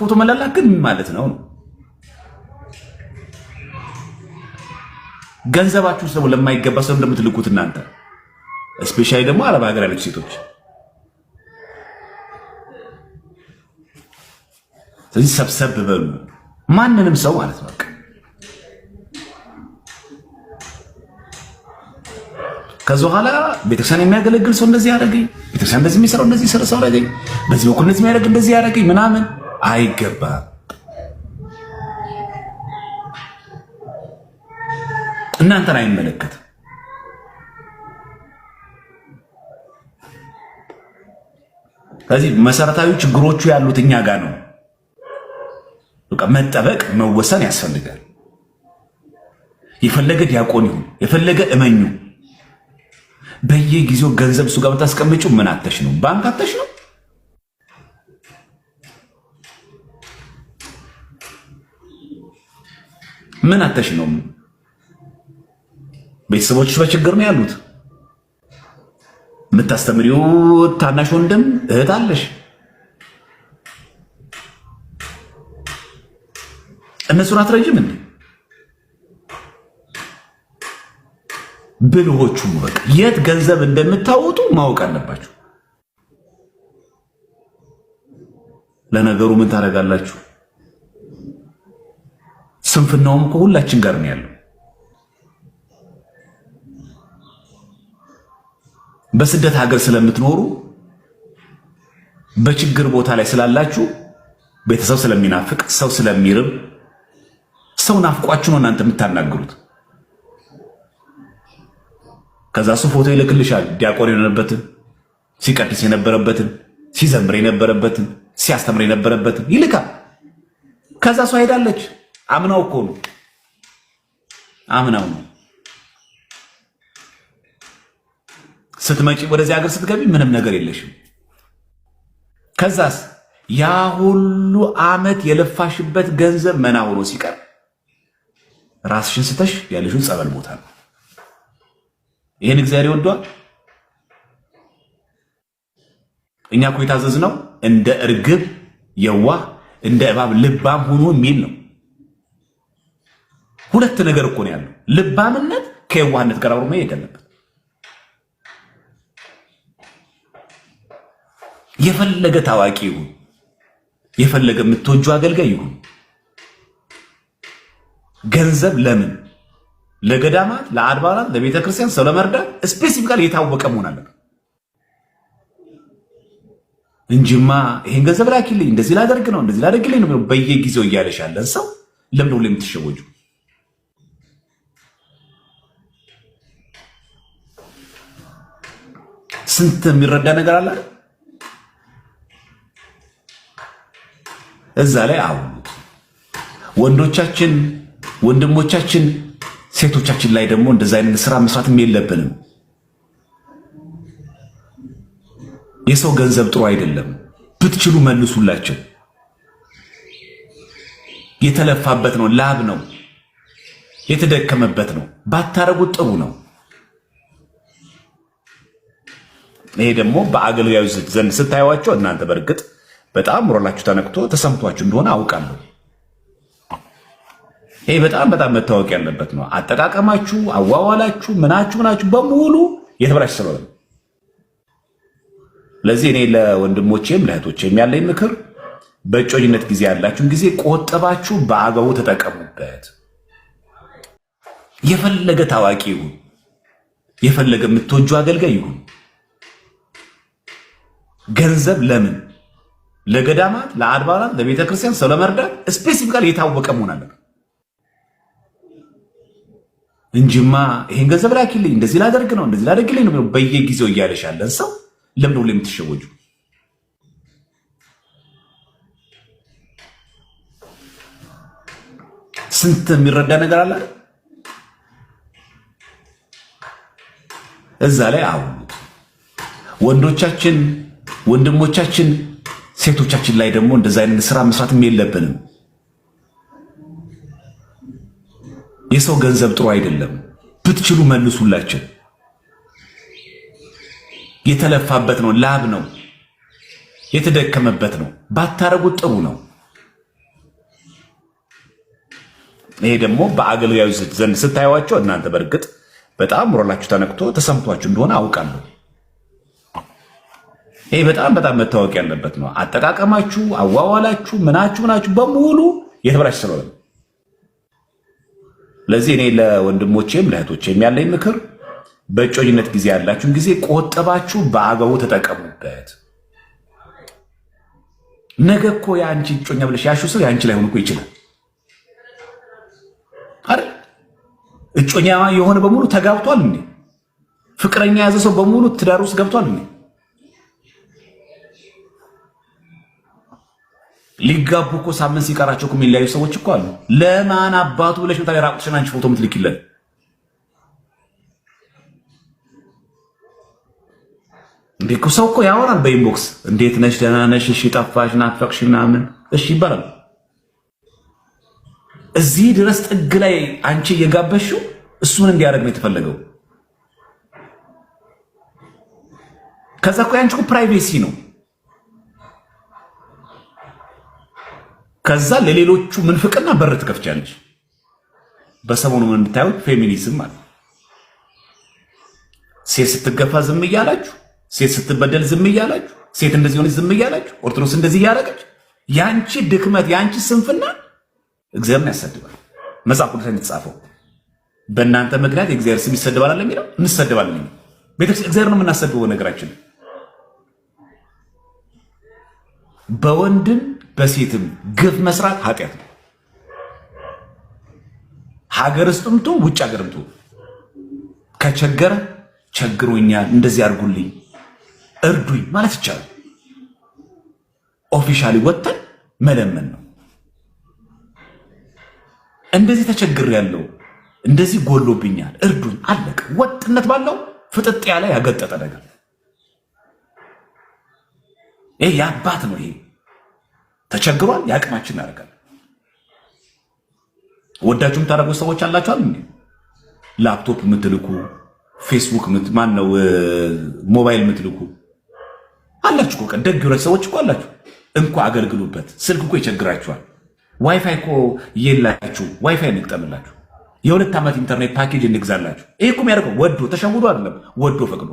ፎቶ መላላክ ግን ምን ማለት ነው? ገንዘባችሁን ሰው ለማይገባ ሰው እንደምትልኩት እናንተ ስፔሻሊ ደግሞ አረብ ሀገር ያለች ሴቶች ስለዚህ ሰብሰብ በሉ ማንንም ሰው ማለት ነው። ከዚ በኋላ ቤተክርስቲያን የሚያገለግል ሰው እንደዚህ ያደረገኝ፣ ቤተክርስቲያን እንደዚህ የሚሰራው እንደዚህ ሰው ያደረገኝ፣ በዚህ በኩል እንደዚህ የሚያደርግ እንደዚህ ያደረገኝ ምናምን አይገባም። እናንተን አይመለከትም። ስለዚህ መሰረታዊ ችግሮቹ ያሉት እኛ ጋር ነው። በቃ መጠበቅ መወሰን ያስፈልጋል። የፈለገ ዲያቆን ይሁን የፈለገ እመኙ፣ በየጊዜው ገንዘብ እሱ ጋር ምን አተሽ ነው? ባንክ አተሽ ነው? ምን አተሽ ነው? ቤተሰቦችሽ በችግር ነው ያሉት። የምታስተምሪው ታናሽ ወንድም እህት አለሽ። እነሱን አትረጅም እንዴ? ብልሆቹ በቃ የት ገንዘብ እንደምታወጡ ማወቅ አለባችሁ። ለነገሩ ምን ታደርጋላችሁ? ስንፍናውም ከሁላችን ጋር ነው ያለው። በስደት ሀገር ስለምትኖሩ በችግር ቦታ ላይ ስላላችሁ ቤተሰብ ስለሚናፍቅ ሰው ስለሚርብ ሰው ናፍቋችሁ ነው እናንተ የምታናግሩት። ከዛ ሱ ፎቶ ይልክልሻል። ዲያቆን የሆነበትን ሲቀድስ የነበረበትን ሲዘምር የነበረበትን ሲያስተምር የነበረበትን ይልካል። ከዛ ሰው ሄዳለች። አምናው እኮ ነው አምናው ነው። ስትመጪ ወደዚህ ሀገር ስትገቢ ምንም ነገር የለሽም። ከዛስ ያ ሁሉ አመት የለፋሽበት ገንዘብ መና ሆኖ ሲቀር ራስሽን ስተሽ ያለሽው ጸበል ቦታ ነው። ይህን እግዚአብሔር ይወዷል። እኛ እኮ የታዘዝነው እንደ እርግብ የዋህ እንደ እባብ ልባም ሆኖ የሚል ነው። ሁለት ነገር እኮ ነው ያለው። ልባምነት ከየዋህነት ጋር አብሮ መሄድ አለበት። የፈለገ ታዋቂ ይሁን፣ የፈለገ የምትወጁ አገልጋይ ይሁን፣ ገንዘብ ለምን ለገዳማት፣ ለአድባራት፣ ለቤተ ክርስቲያን ሰው ለመርዳት ስፔሲፊካል የታወቀ መሆን አለበት እንጂማ ይሄን ገንዘብ ላኪልኝ፣ እንደዚህ ላደርግ ነው፣ እንደዚህ ላደርግልኝ ነው በየጊዜው እያለሻለን ሰው ለምን ሁሌ የምትሸወጁ? ስንት የሚረዳ ነገር አለ። እዛ ላይ አሁን ወንዶቻችን ወንድሞቻችን ሴቶቻችን ላይ ደግሞ እንደዛ አይነት ስራ መስራትም የለብንም። የሰው ገንዘብ ጥሩ አይደለም። ብትችሉ መልሱላቸው። የተለፋበት ነው፣ ላብ ነው፣ የተደከመበት ነው። ባታረጉት ጥሩ ነው። ይሄ ደግሞ በአገልጋዩ ዘንድ ስታዩዋቸው እናንተ በእርግጥ በጣም ሞራላችሁ ተነክቶ ተሰምቷችሁ እንደሆነ አውቃለሁ። ይሄ በጣም በጣም መታወቅ ያለበት ነው። አጠቃቀማችሁ፣ አዋዋላችሁ፣ ምናችሁ ምናችሁ በሙሉ የተበላሽ ስለሆነ ለዚህ እኔ ለወንድሞቼም ለእህቶቼም ያለኝ ምክር በእጮኝነት ጊዜ ያላችሁን ጊዜ ቆጥባችሁ በአገቡ ተጠቀሙበት። የፈለገ ታዋቂ ይሁን፣ የፈለገ የምትወጁ አገልጋይ ይሁን ገንዘብ ለምን ለገዳማት፣ ለአድባራት፣ ለቤተ ክርስቲያን ሰው ለመርዳት ስፔሲፊካል የታወቀ መሆን አለ እንጂማ ይሄን ገንዘብ ላኪልኝ እንደዚህ ላደርግ ነው እንደዚህ ላደርግልኝ ነው በየጊዜው እያለሽ ያለን ሰው ለምን ሁሉ የምትሸወጁ? ስንት የሚረዳ ነገር አለ እዛ ላይ አሁን ወንዶቻችን ወንድሞቻችን ሴቶቻችን ላይ ደግሞ እንደዛ አይነት ስራ መስራትም የለብንም። የሰው ገንዘብ ጥሩ አይደለም። ብትችሉ መልሱላቸው። የተለፋበት ነው፣ ላብ ነው፣ የተደከመበት ነው። ባታረጉት ጥሩ ነው። ይሄ ደግሞ በአገልጋዩ ዘንድ ስታዩዋቸው እናንተ በእርግጥ በጣም ሞራላችሁ ተነክቶ ተሰምቷችሁ እንደሆነ አውቃለሁ። ይህ በጣም በጣም መታወቅ ያለበት ነው። አጠቃቀማችሁ፣ አዋዋላችሁ፣ ምናችሁ ምናችሁ በሙሉ የተበላሽ ስለሆነ ለዚህ እኔ ለወንድሞቼም ለእህቶቼም ያለኝ ምክር በእጮኝነት ጊዜ ያላችሁን ጊዜ ቆጥባችሁ በአገቡ ተጠቀሙበት። ነገ እኮ የአንቺ እጮኛ ብለሽ ያሹ ሰው የአንቺ ላይሆን እኮ ይችላል አይደል? እጮኛ የሆነ በሙሉ ተጋብቷል እንዴ? ፍቅረኛ የያዘ ሰው በሙሉ ትዳር ውስጥ ገብቷል እንዴ? ሊጋቡ እኮ ሳምንት ሲቀራቸው እኮ የሚለያዩ ሰዎች እኮ አሉ። ለማን አባቱ ብለሽ ታዲያ ራቁትሽን አንቺ ፎቶ የምትልኪለት? እንዴ ሰው እኮ ያወራል በኢንቦክስ እንዴት ነሽ? ደህና ነሽ? እሺ ጠፋሽ፣ ናፈቅሽ ምናምን እሺ ይባላል። እዚህ ድረስ ጥግ ላይ አንቺ እየጋበሽው እሱን እንዲያደርግ ነው የተፈለገው። ከዛ እኮ ያንቺ እኮ ፕራይቬሲ ነው። ከዛ ለሌሎቹ ምንፍቅና በር ትከፍቻለች። በሰሞኑ ምን የምታዩት ፌሚኒዝም ማለት ሴት ስትገፋ ዝም እያላችሁ፣ ሴት ስትበደል ዝም እያላችሁ፣ ሴት እንደዚህ ሆነች ዝም እያላችሁ፣ ኦርቶዶክስ እንደዚህ እያደረገች፣ የአንቺ ድክመት የአንቺ ስንፍና እግዚአብሔርን ያሰድባል። መጽሐፍ ቅዱስ የተጻፈው በእናንተ ምክንያት የእግዚአብሔር ስም ይሰድባል አለ የሚለው እንሰድባለን። ቤተክርስቲያን እግዚአብሔር ነው የምናሰድበው። ነገራችን በወንድም በሴትም ግፍ መስራት ኃጢአት ነው። ሀገር ውስጥም ትሁን ውጭ ሀገርም ትሁን ከቸገረ ቸግሮኛል፣ እንደዚህ አድርጉልኝ፣ እርዱኝ ማለት ይቻላል። ኦፊሻሊ ወጥተን መለመን ነው። እንደዚህ ተቸግር ያለው እንደዚህ ጎሎብኛል፣ እርዱኝ፣ አለቀ። ወጥነት ባለው ፍጥጥ ያለ ያገጠጠ ነገር ይሄ የአባት ነው ይሄ ተቸግሯል፣ የአቅማችን እናደርጋለን። ወዳችሁም ታደረጉ ሰዎች አላችኋል። እንዲ ላፕቶፕ የምትልኩ ፌስቡክ ማን ነው ሞባይል የምትልኩ አላችሁ። ቀን ደግ ሁለት ሰዎች እኮ አላችሁ። እንኳ አገልግሉበት። ስልክ እኮ ይቸግራችኋል። ዋይፋይ እኮ የላችሁ። ዋይፋይ እንግጠምላችሁ። የሁለት ዓመት ኢንተርኔት ፓኬጅ እንግዛላችሁ። ይህ እኮ የሚያደርገው ወዶ ተሸውዶ አይደለም፣ ወዶ ፈቅዶ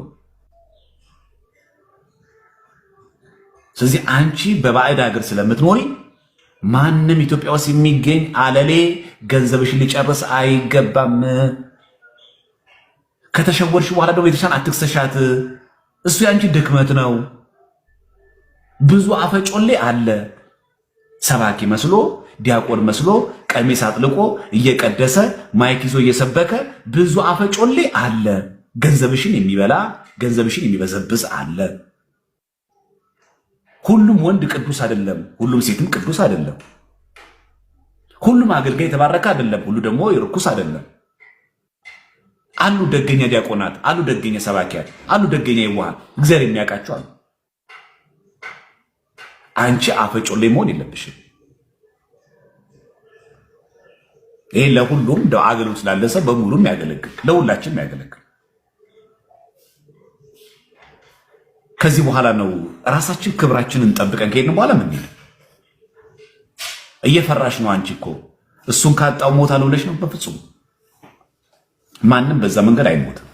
ስለዚህ አንቺ በባዕድ ሀገር ስለምትኖሪ ማንም ኢትዮጵያ ውስጥ የሚገኝ አለሌ ገንዘብሽን ሊጨርስ አይገባም። ከተሸወድሽ በኋላ ደግሞ ቤተሻን አትክሰሻት። እሱ የአንቺ ድክመት ነው። ብዙ አፈጮሌ አለ። ሰባኪ መስሎ ዲያቆን መስሎ ቀሚስ አጥልቆ እየቀደሰ ማይክ ይዞ እየሰበከ ብዙ አፈጮሌ አለ። ገንዘብሽን የሚበላ ገንዘብሽን የሚበዘብስ አለ። ሁሉም ወንድ ቅዱስ አይደለም፣ ሁሉም ሴትም ቅዱስ አይደለም። ሁሉም አገልጋይ የተባረከ አይደለም፣ ሁሉ ደግሞ ርኩስ አይደለም። አሉ ደገኛ ዲያቆናት፣ አሉ ደገኛ ሰባኪያት፣ አሉ ደገኛ ይዋሃን እግዚአብሔር የሚያውቃቸው አሉ። አንቺ አፈጮሌ መሆን የለብሽም። ይህ ለሁሉም አገልግሎት ስላለ ሰው በሙሉ የሚያገለግል ለሁላችን የሚያገለግል ከዚህ በኋላ ነው ራሳችን ክብራችንን ጠብቀን ከሄድን በኋላ ምን ሄድ እየፈራሽ ነው አንቺ እኮ እሱን ካጣው ሞታለሁ ብለሽ ነው። በፍጹም ማንም በዛ መንገድ አይሞትም።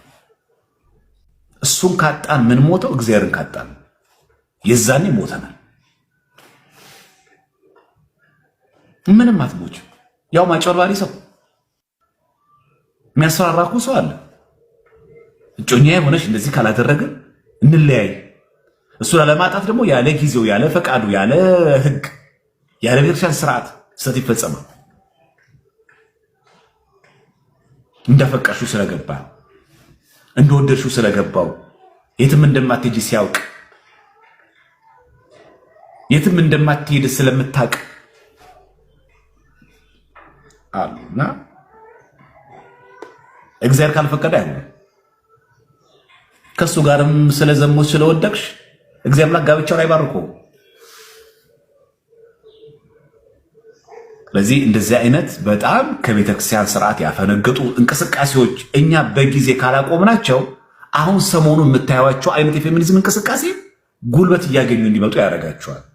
እሱን ካጣን ምን ሞተው እግዚአብሔርን ካጣን የዛኔ ሞተናል። ምንም አትሞች። ያው ማጨርባሪ ሰው የሚያስፈራራኩ ሰው አለ። እጮኛ የሆነች እንደዚህ ካላደረግን እንለያይ እሱ ለማጣት ደግሞ ያለ ጊዜው ያለ ፈቃዱ ያለ ህግ ያለ ቤተክርስቲያን ስርዓት ስህተት ይፈጸማል። እንዳፈቀርሽው ስለገባ እንደወደድሽው ስለገባው የትም እንደማትሄጂ ሲያውቅ የትም እንደማትሄድ ስለምታውቅ አሉና እግዚአብሔር ካልፈቀደ አይሆንም። ከእሱ ጋርም ስለዘሞች ስለወደቅሽ እግዚአብሔር አምላክ ጋብቻውን አይባርኩም። ስለዚህ እንደዚህ አይነት በጣም ከቤተክርስቲያን ስርዓት ያፈነገጡ እንቅስቃሴዎች እኛ በጊዜ ካላቆምናቸው አሁን ሰሞኑን የምታዩቸው አይነት የፌሚኒዝም እንቅስቃሴ ጉልበት እያገኙ እንዲመጡ ያደርጋቸዋል።